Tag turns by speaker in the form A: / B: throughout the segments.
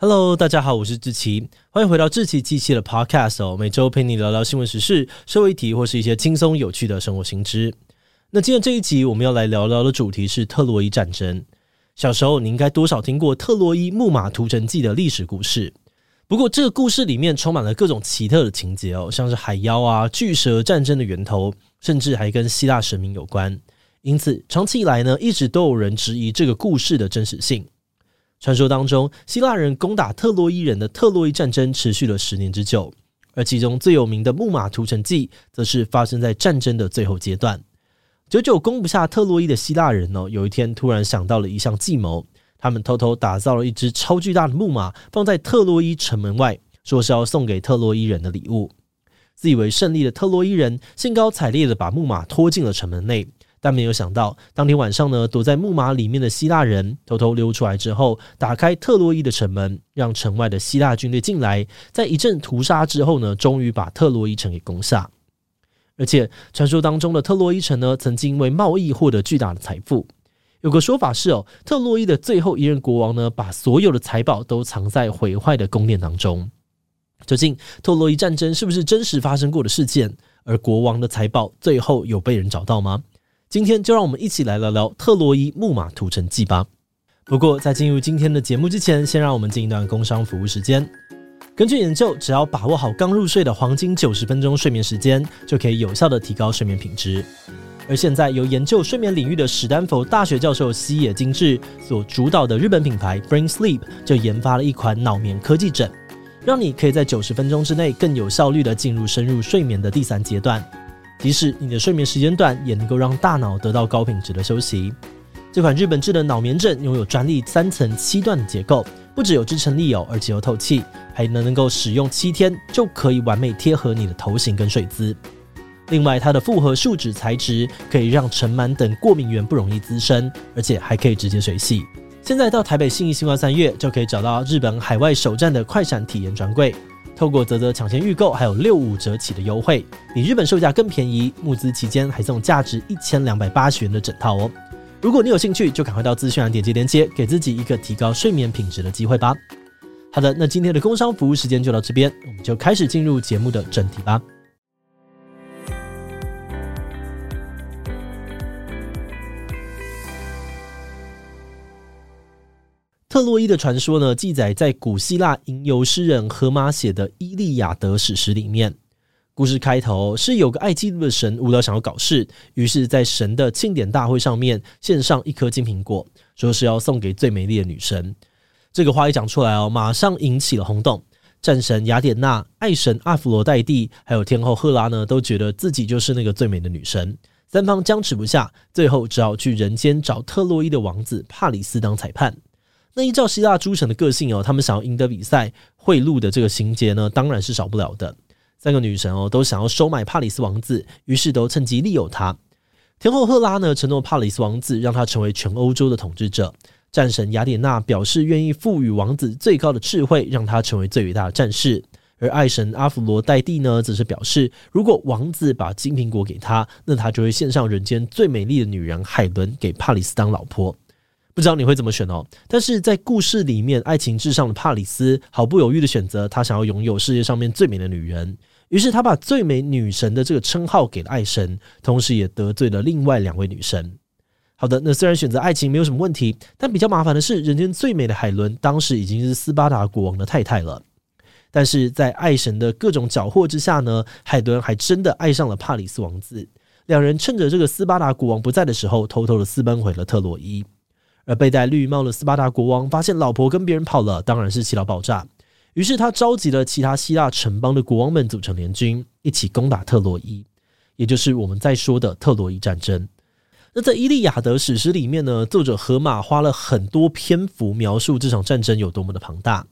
A: Hello，大家好，我是志祺，歡迎回到志祺七七的 Podcast 哦。每周陪你聊聊新聞時事、社會議題，或是一些輕鬆有趣的生活新知。那今天這一集我們要來聊聊的主題是特洛伊戰爭。小時候你應該多少聽過特洛伊木馬屠城記的歷史故事，不過這個故事裡面充滿了各種奇特的情節哦，像是海妖啊、巨蛇、戰爭的源頭，甚至還跟希臘神明有關。因此，長期以來呢，一直都有人質疑這個故事的真實性。傳說當中，希臘人攻打特洛伊人的特洛伊戰爭持續了十年之久，而其中最有名的木馬屠城記則是發生在戰爭的最後階段。久久攻不下特洛伊的希臘人呢，有一天突然想到了一項計謀，他們偷偷打造了一隻超巨大的木馬，放在特洛伊城門外，說是要送給特洛伊人的禮物。自以為勝利的特洛伊人興高采烈地把木馬拖進了城門內。但沒有想到，當天晚上呢，躲在木馬裡面的希臘人偷偷溜出來之後，打開特洛伊的城門，讓城外的希臘軍隊進來。在一陣屠殺之後呢，終於把特洛伊城給攻下。而且，傳說當中的特洛伊城呢，曾經因為貿易獲得巨大的財富。有個說法是哦，特洛伊的最後一任國王呢，把所有的財寶都藏在毀壞的宮殿當中。究竟特洛伊戰爭是不是真實發生過的事件？而國王的財寶最後有被人找到嗎？今天就讓我們一起來聊聊特洛伊木馬屠城記吧。不過，在進入今天的節目之前，先讓我們進一段工商服務時間。根據研究，只要把握好剛入睡的黃金九十分鐘睡眠時間，就可以有效地提高睡眠品質。而現在，由研究睡眠領域的史丹佛大學教授西野精治所主導的日本品牌 Brain Sleep 就研發了一款腦眠科技枕，讓你可以在九十分鐘之內更有效率地進入深入睡眠的第三階段。即使你的睡眠時間短，也能夠讓大腦得到高品質的休息。這款日本製的腦眠枕擁有專利三層七段的結構，不只有支撐力優，而且又透氣，還能能夠使用七天就可以完美貼合你的頭型跟睡姿。另外，它的複合樹脂材質可以讓塵蟎等過敏源不容易滋生，而且還可以直接水洗。現在到台北信義新光三越就可以找到日本海外首站的快閃體驗專櫃。透過嘖嘖搶先預購，還有六五折起的優惠，比日本售價更便宜。募資期間還送價值一千兩百八十元的枕套哦！如果你有興趣，就趕快到資訊欄點擊鏈接，給自己一個提高睡眠品質的機會吧。好的，那今天的工商服務時間就到這邊，我們就開始進入節目的正題吧。特洛伊的傳說呢，記載在古希臘吟遊詩人荷馬寫的《伊利亞德》史詩裡面。故事開頭是有個愛嫉妒的神無聊想要搞事，於是，在神的慶典大會上面獻上一顆金蘋果，說是要送給最美麗的女神。這個話一講出來哦，馬上引起了轟動。戰神雅典娜、愛神阿佛羅代蒂，還有天後赫拉呢，都覺得自己就是那個最美的女神。三方僵持不下，最後只好去人間找特洛伊的王子帕里斯當裁判。那依照希臘諸神的個性哦，他們想要贏得比賽，賄賂的這個情節呢，當然是少不了的。三個女神哦，都想要收買帕里斯王子，於是都趁機利誘他。天後赫拉呢，承諾帕里斯王子讓他成為全歐洲的統治者；戰神雅典娜表示願意賦予王子最高的智慧，讓他成為最偉大的戰士；而愛神阿芙羅黛蒂呢，則是表示如果王子把金蘋果給他，那他就會獻上人間最美麗的女人海倫給帕里斯當老婆。不知道你會怎麼選哦。但是在故事裡面，愛情至上的帕里斯毫不猶豫的選擇他想要擁有世界上面最美的女人。於是他把最美女神的這個稱號給了愛神，同時也得罪了另外兩位女神。好的，那雖然選擇愛情沒有什麼問題，但比較麻煩的是，人間最美的海倫當時已經是斯巴達國王的太太了。但是在愛神的各種攪和之下呢，海倫還真的愛上了帕里斯王子。兩人趁着這個斯巴達國王不在的時候，偷偷的私奔回了特洛伊。而被戴綠帽的斯巴達國王發現老婆跟別人跑了，當然是氣到爆炸。於是他召集了其他希臘城邦的國王們組成聯軍，一起攻打特洛伊，也就是我們在說的特洛伊戰爭。那在《伊利亞德》史詩裡面呢，作者荷馬花了很多篇幅描述這場戰爭有多麼的龐大，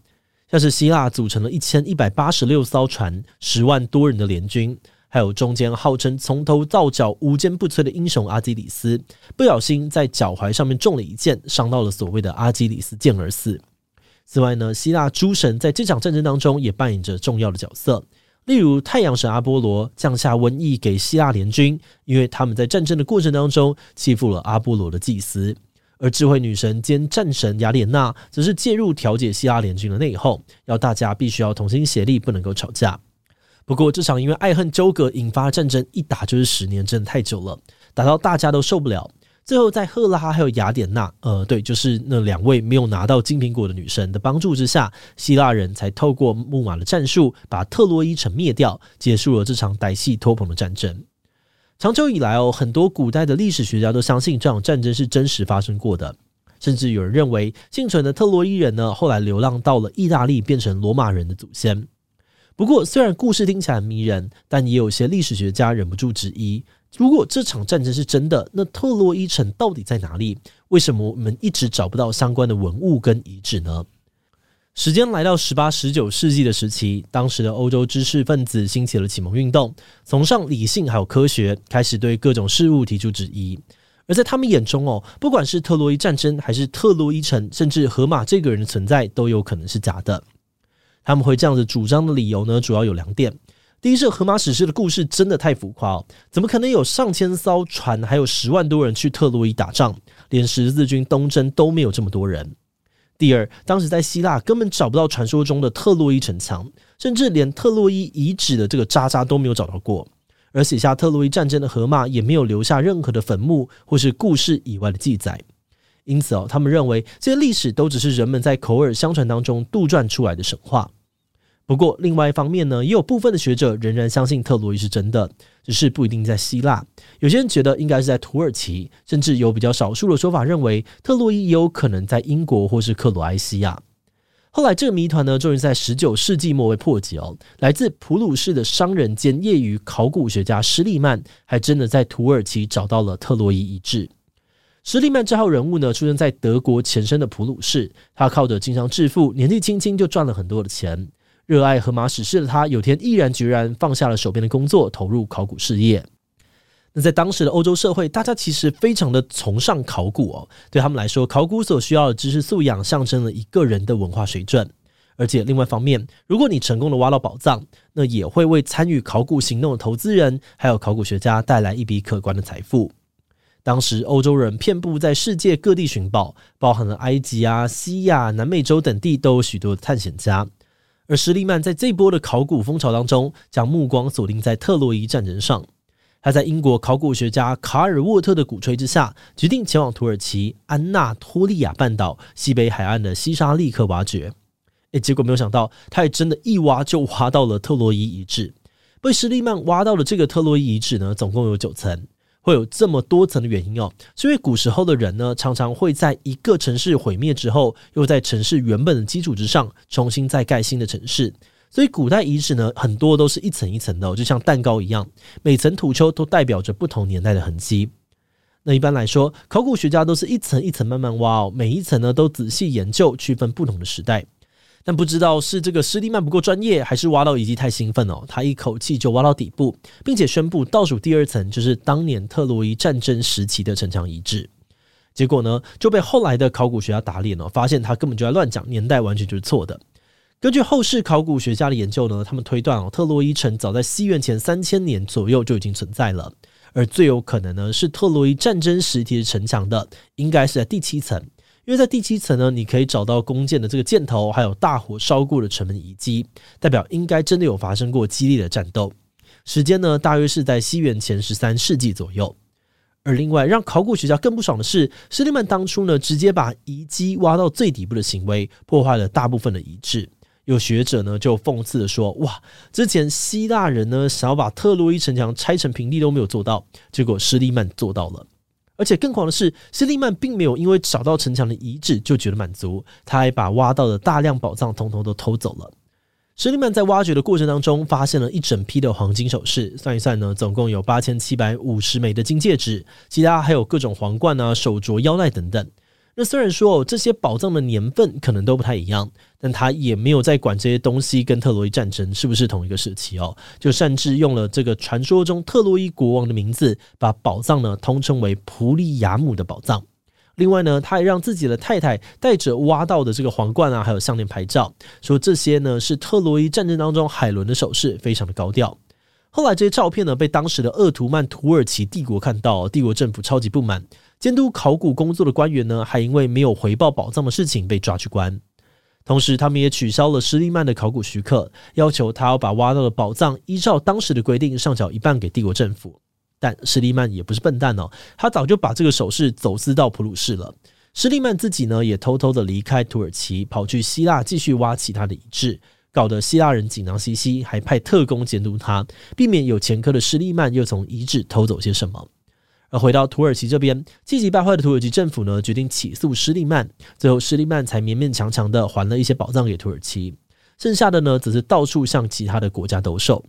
A: 像是希臘組成了一千一百八十六艘船，十萬多人的聯軍。還有中間號稱從頭到腳無堅不摧的英雄阿基里斯，不小心在腳踝上面中了一箭，傷到了所謂的阿基里斯腱而死。此外呢，希臘諸神在這場戰爭當中也扮演着重要的角色，例如太陽神阿波羅降下瘟疫給希臘聯軍，因為他們在戰爭的過程當中欺負了阿波羅的祭司；而智慧女神兼戰神雅典娜則是介入調解希臘聯軍的內訌，要大家必須要同心協力，不能夠吵架。不過，這場因為愛恨糾葛引發的戰爭，一打就是十年，真的太久了，打到大家都受不了。最後，在赫拉還有雅典娜，呃，對，就是那兩位沒有拿到金蘋果的女神的幫助之下，希臘人才透過木馬的戰術，把特洛伊城滅掉，結束了這場歹戲拖棚的戰爭。長久以來哦，很多古代的歷史學家都相信這場戰爭是真實發生過的，甚至有人認為，幸存的特洛伊人呢，後來流浪到了意大利，變成羅馬人的祖先。不過，雖然故事聽起來很迷人，但也有些歷史學家忍不住質疑：如果這場戰爭是真的，那特洛伊城到底在哪裡？為什麼我們一直找不到相關的文物跟遺址呢？時間來到十八、十九世紀的時期，當時的歐洲知識分子興起了啟蒙運動，崇尚理性還有科學，開始對各種事物提出質疑。而在他們眼中，哦，不管是特洛伊戰爭，還是特洛伊城，甚至荷馬這個人的存在，都有可能是假的。他們會這樣子主張的理由呢，主要有兩點：第一是《荷馬史詩》的故事真的太浮誇，怎麼可能有上千艘船，還有十萬多人去特洛伊打仗？連十字軍東征都沒有這麼多人。第二，當時在希臘根本找不到傳說中的特洛伊城牆，甚至連特洛伊遺址的這個渣渣都沒有找到過。而寫下特洛伊戰爭的荷馬也沒有留下任何的墳墓或是故事以外的記載。因此哦，他們認為這些歷史都只是人們在口耳相傳當中杜撰出來的神話。不過，另外一方面呢，也有部分的學者仍然相信特洛伊是真的，只是不一定在希臘。有些人覺得應該是在土耳其，甚至有比較少數的說法認為特洛伊也有可能在英國或是克羅埃西亞。後來，這個謎團呢，終於在十九世紀末被破解哦。來自普魯士的商人兼業餘考古學家施利曼，還真的在土耳其找到了特洛伊遺址。施利曼這號人物呢，出生在德國前身的普魯士，他靠着經商致富，年紀輕輕就賺了很多的錢。熱愛荷馬史詩的他，有天毅然決然放下了手邊的工作，投入考古事業。那在當時的歐洲社會，大家其實非常的崇尚考古哦。對他們來說，考古所需要的知識素養，象徵了一個人的文化水準。而且，另外一方面，如果你成功的挖到寶藏，那也會為參與考古行動的投資人，還有考古學家帶來一筆可觀的財富。當時歐洲人遍布在世界各地尋寶，包含了埃及啊、西亞、南美洲等地，都有許多的探險家。而施利曼在這波的考古風潮當中，將目光鎖定在特洛伊戰爭上。他在英國考古學家卡爾沃特的鼓吹之下，決定前往土耳其安納托利亞半島西北海岸的西沙利克挖掘。欸，結果沒有想到，他還真的一挖就挖到了特洛伊遺址。被施利曼挖到的這個特洛伊遺址呢，總共有九層。會有這麼多層的原因哦，是因為古時候的人呢，常常會在一個城市毀滅之後，又在城市原本的基礎之上重新再蓋新的城市，所以古代遺址呢，很多都是一層一層的，就像蛋糕一樣，每層土丘都代表着不同年代的痕跡。那一般來說，考古學家都是一層一層慢慢挖哦，每一層呢都仔細研究，區分不同的時代。但不知道是這個施利曼不夠專業，還是挖到遺跡太興奮哦，他一口氣就挖到底部，並且宣布倒數第二層就是當年特洛伊戰爭時期的城牆遺址。結果呢，就被後來的考古學家打臉了哦，發現他根本就在亂講，年代完全就是錯的。根據後世考古學家的研究呢，他們推斷哦，特洛伊城早在西元前三千年左右就已經存在了，而最有可能呢是特洛伊戰爭時期的城牆的，應該是在第七層。因為在第七層呢，你可以找到弓箭的這個箭頭，還有大火燒過的城門遺跡，代表應該真的有發生過激烈的戰鬥。時間呢，大約是在西元前十三世紀左右。而另外讓考古學家更不爽的是，施利曼當初呢直接把遺跡挖到最底部的行為，破壞了大部分的遺址。有學者呢就諷刺的說：“哇，之前希臘人呢想要把特洛伊城牆拆成平地都沒有做到，結果施利曼做到了。”而且更狂的是，斯立曼並沒有因為找到城牆的遺址就覺得滿足，他還把挖到的大量寶藏統統都偷走了。斯立曼在挖掘的過程當中，發現了一整批的黃金首飾，算一算呢，總共有八千七百五十枚的金戒指，其他還有各種皇冠啊、手鐲、腰帶等等。那雖然說哦這些寶藏的年份可能都不太一樣，但他也沒有再管這些東西跟特洛伊戰爭是不是同一個時期哦，就擅自用了這個傳說中特洛伊國王的名字，把寶藏呢通稱為普利亞姆的寶藏。另外呢，他還讓自己的太太帶着挖到的這個皇冠啊，還有項鏈、牌照，說這些呢是特洛伊戰爭當中海倫的首飾，非常的高調。後來，這些照片呢被當時的鄂圖曼土耳其帝國看到，帝國政府超級不滿。監督考古工作的官員呢，還因為沒有回報寶藏的事情被抓去關。同時，他們也取消了施利曼的考古許可，要求他要把挖到的寶藏依照當時的規定上繳一半給帝國政府。但施利曼也不是笨蛋哦，他早就把這個首飾走私到普魯士了。施利曼自己呢，也偷偷的離開土耳其，跑去希臘繼續挖其他的遺址。搞得希臘人緊張兮兮，還派特工監督他，避免有前科的施利曼又從遺址偷走些什麼。而回到土耳其這邊，氣急敗壞的土耳其政府呢，決定起訴施利曼。最後，施利曼才勉勉強強的還了一些寶藏給土耳其，剩下的呢，則是到處向其他的國家兜售。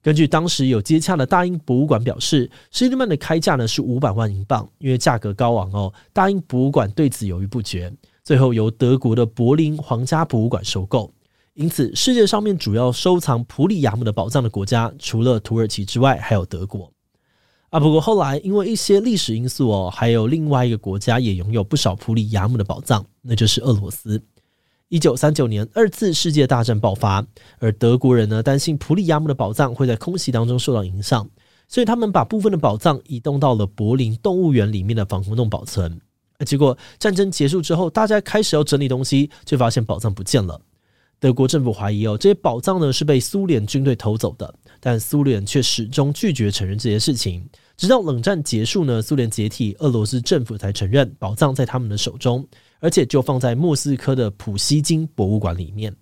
A: 根據當時有接洽的大英博物館表示，施利曼的開價呢是五百萬英鎊，因為價格高昂哦，大英博物館對此猶豫不決，最後由德國的柏林皇家博物館收購。因此，世界上面主要收藏普里亞姆的寶藏的國家，除了土耳其之外，還有德國。啊，不過後來因為一些歷史因素哦，還有另外一個國家也擁有不少普里亞姆的寶藏，那就是俄羅斯。一九三九年，二次世界大戰爆發，而德國人呢擔心普里亞姆的寶藏會在空襲當中受到影響，所以他們把部分的寶藏移動到了柏林動物園裡面的防空洞保存。啊，結果戰爭結束之後，大家開始要整理東西，卻發現寶藏不見了。德國政府懷疑哦，這些寶藏呢是被蘇聯軍隊偷走的，但蘇聯卻始終拒絕承認這些事情。直到冷戰結束呢，蘇聯解體，俄羅斯政府才承認寶藏在他們的手中，而且就放在莫斯科的普希金博物館裡面。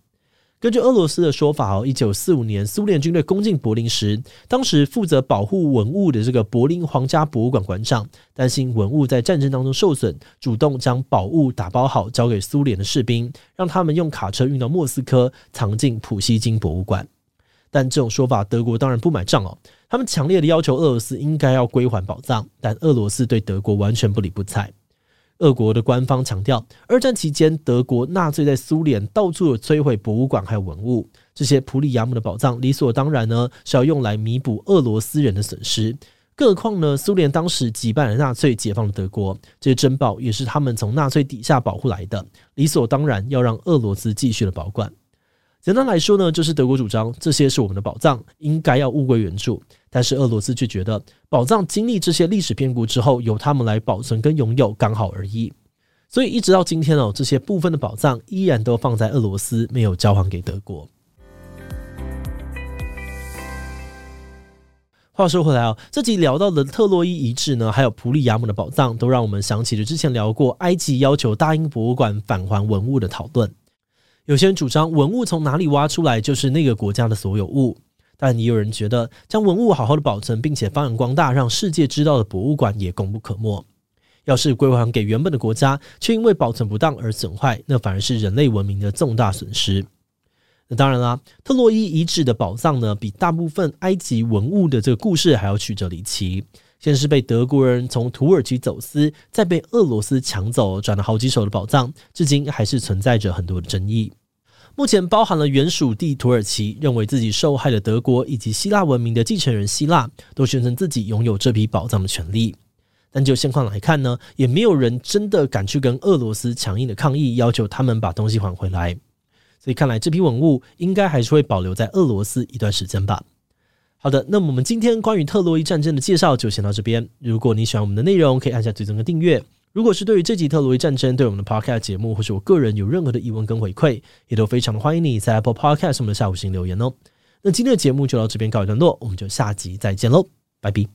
A: 根據俄羅斯的說法哦，一九四五年蘇聯軍隊攻進柏林時，當時負責保護文物的這個柏林皇家博物館館長擔心文物在戰爭當中受損，主動將寶物打包好交給蘇聯的士兵，讓他們用卡車運到莫斯科，藏進普希金博物館。但這種說法，德國當然不買賬哦，他們強烈的要求俄羅斯應該要歸還寶藏，但俄羅斯對德國完全不理不睬。俄國的官方強調，二戰期間德國納粹在蘇聯到處有摧毀博物館還有文物，這些普里亞姆的寶藏理所當然呢是要用來彌補俄羅斯人的損失。更何況呢，蘇聯當時擊敗了納粹，解放了德國，這些珍寶也是他們從納粹底下保護來的，理所當然要讓俄羅斯繼續的保管。簡單來說呢，就是德國主張這些是我們的寶藏，應該要物歸原主。但是俄羅斯卻覺得，寶藏經歷這些歷史變故之後，由他們來保存跟擁有剛好而已。所以一直到今天哦，這些部分的寶藏依然都放在俄羅斯，沒有交還給德國。話說回來啊、哦，這集聊到的特洛伊遺址呢，還有普里亞姆的寶藏，都讓我們想起了之前聊過埃及要求大英博物館返還文物的討論。有些人主張文物從哪裡挖出來就是那個國家的所有物，但也有人覺得將文物好好的保存並且發揚光大，讓世界知道的博物館也功不可沒。要是歸還給原本的國家，卻因為保存不當而損壞，那反而是人類文明的重大損失。那當然啦，特洛伊遺址的寶藏呢，比大部分埃及文物的這個故事還要曲折離奇。先是被德國人從土耳其走私，再被俄羅斯搶走，轉了好幾手的寶藏，至今還是存在着很多的爭議。目前包含了原屬地土耳其認為自己受害的德國，以及希臘文明的繼承人希臘，都宣稱自己擁有這批寶藏的權利。但就現況來看呢，也沒有人真的敢去跟俄羅斯強硬的抗議，要求他們把東西還回來。所以看來這批文物應該還是會保留在俄羅斯一段時間吧。好的，那麼我們今天關於特洛伊戰爭的介紹就先到這邊。如果你喜歡我們的內容，可以按下最終的訂閱。如果是對於這集特洛伊戰爭對我們的 Podcast 節目，或是我個人有任何的疑問跟回饋，也都非常的歡迎你在 Apple Podcast 我們的下方進行留言哦。那今天的節目就到這邊告一段落，我們就下集再見嘍，拜拜。